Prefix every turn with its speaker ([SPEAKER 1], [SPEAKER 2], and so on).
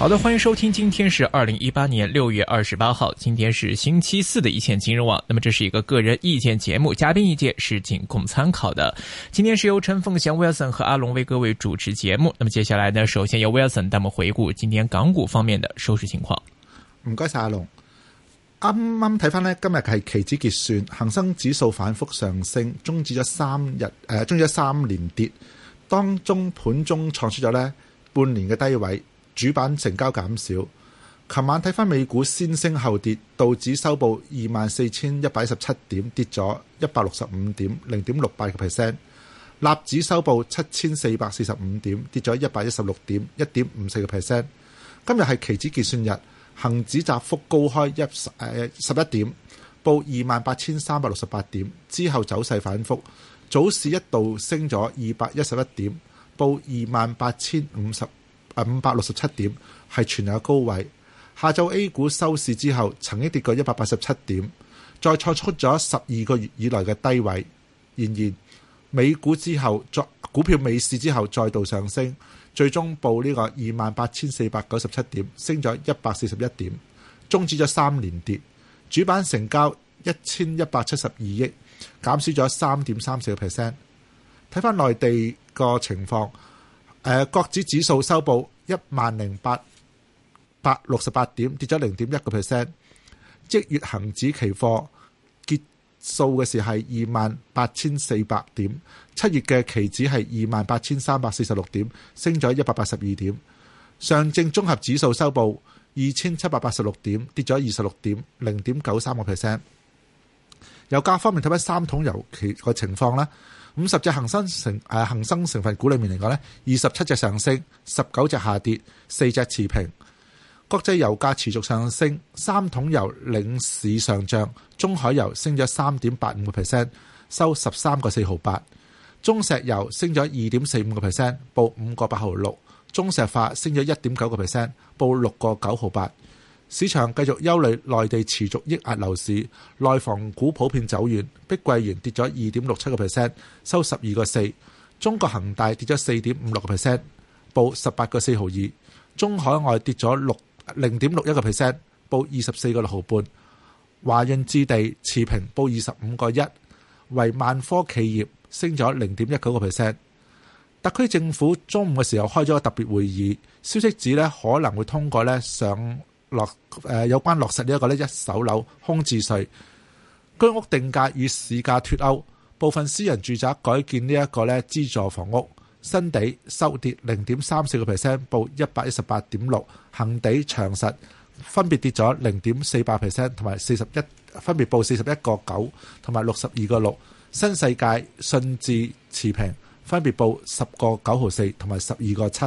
[SPEAKER 1] 好的，歡迎收聽。今天是二零一八年六月二十八號，今天是星期四的一線金融網。那麼這是一個個人意見節目，嘉賓意見是僅供參考的。今天是由陳鳳祥 Wilson 和阿龍為各位主持節目。那麼接下來呢，首先由 Wilson 帶我們回顧今天港股方面的收市情況。
[SPEAKER 2] 唔該晒阿龍。啱啱睇翻呢。今日係期指結算，恒生指數反覆上升，終止咗三日誒、呃，終止咗三連跌，當中盤中創出咗呢半年嘅低位。主板成交減少，琴晚睇翻美股先升後跌，道指收報二萬四千一百一十七點，跌咗一百六十五點，零點六八個 percent；納指收報七千四百四十五點，跌咗一百一十六點，一點五四個 percent。今日係期指結算日，恒指窄幅高開十一點，報二萬八千三百六十八點，之後走勢反覆，早市一度升咗二百一十一點，報二萬八千五十五百六十七點係全日高位，下晝 A 股收市之後曾經跌過一百八十七點，再創出咗十二個月以來嘅低位。然而美股之後再股票尾市之後再度上升，最終報呢個二萬八千四百九十七點，升咗一百四十一點，終止咗三連跌。主板成交一千一百七十二億，減少咗三點三四個 percent。睇返內地個情況。誒，國指指數收報一萬零八百六十八點，跌咗零點一個 percent。即月恒指期貨結數嘅時係二萬八千四百點，七月嘅期指係二萬八千三百四十六點，升咗一百八十二點。上證綜合指數收報二千七百八十六點，跌咗二十六點，零點九三個 percent。油價方面睇翻三桶油期個情況啦。五十隻恒生成誒恒生成分股裏面嚟講咧，二十七隻上升，十九隻下跌，四隻持平。國際油價持續上升，三桶油領市上漲，中海油升咗三點八五個 percent，收十三個四毫八；中石油升咗二點四五個 percent，報五個八毫六；中石化升咗一點九個 percent，報六個九毫八。市場繼續憂慮內地持續抑壓樓市，內房股普遍走軟，碧桂園跌咗二點六七個 percent，收十二個四；中國恒大跌咗四點五六個 percent，報十八個四毫二；中海外跌咗六零點六一個 percent，報二十四個六毫半；華潤置地持平，報二十五個一；為萬科企業升咗零點一九個 percent。特區政府中午嘅時候開咗個特別會議，消息指咧可能會通過咧上。落有關落實呢一個一手樓空置稅、居屋定價與市價脫鈎、部分私人住宅改建呢一個咧資助房屋、新地收跌零點三四個 percent，報一百一十八點六；恆地長實分別跌咗零點四八 percent 同埋四十一，分別報四十一個九同埋六十二個六；新世界信置持平，分別報十個九毫四同埋十二個七。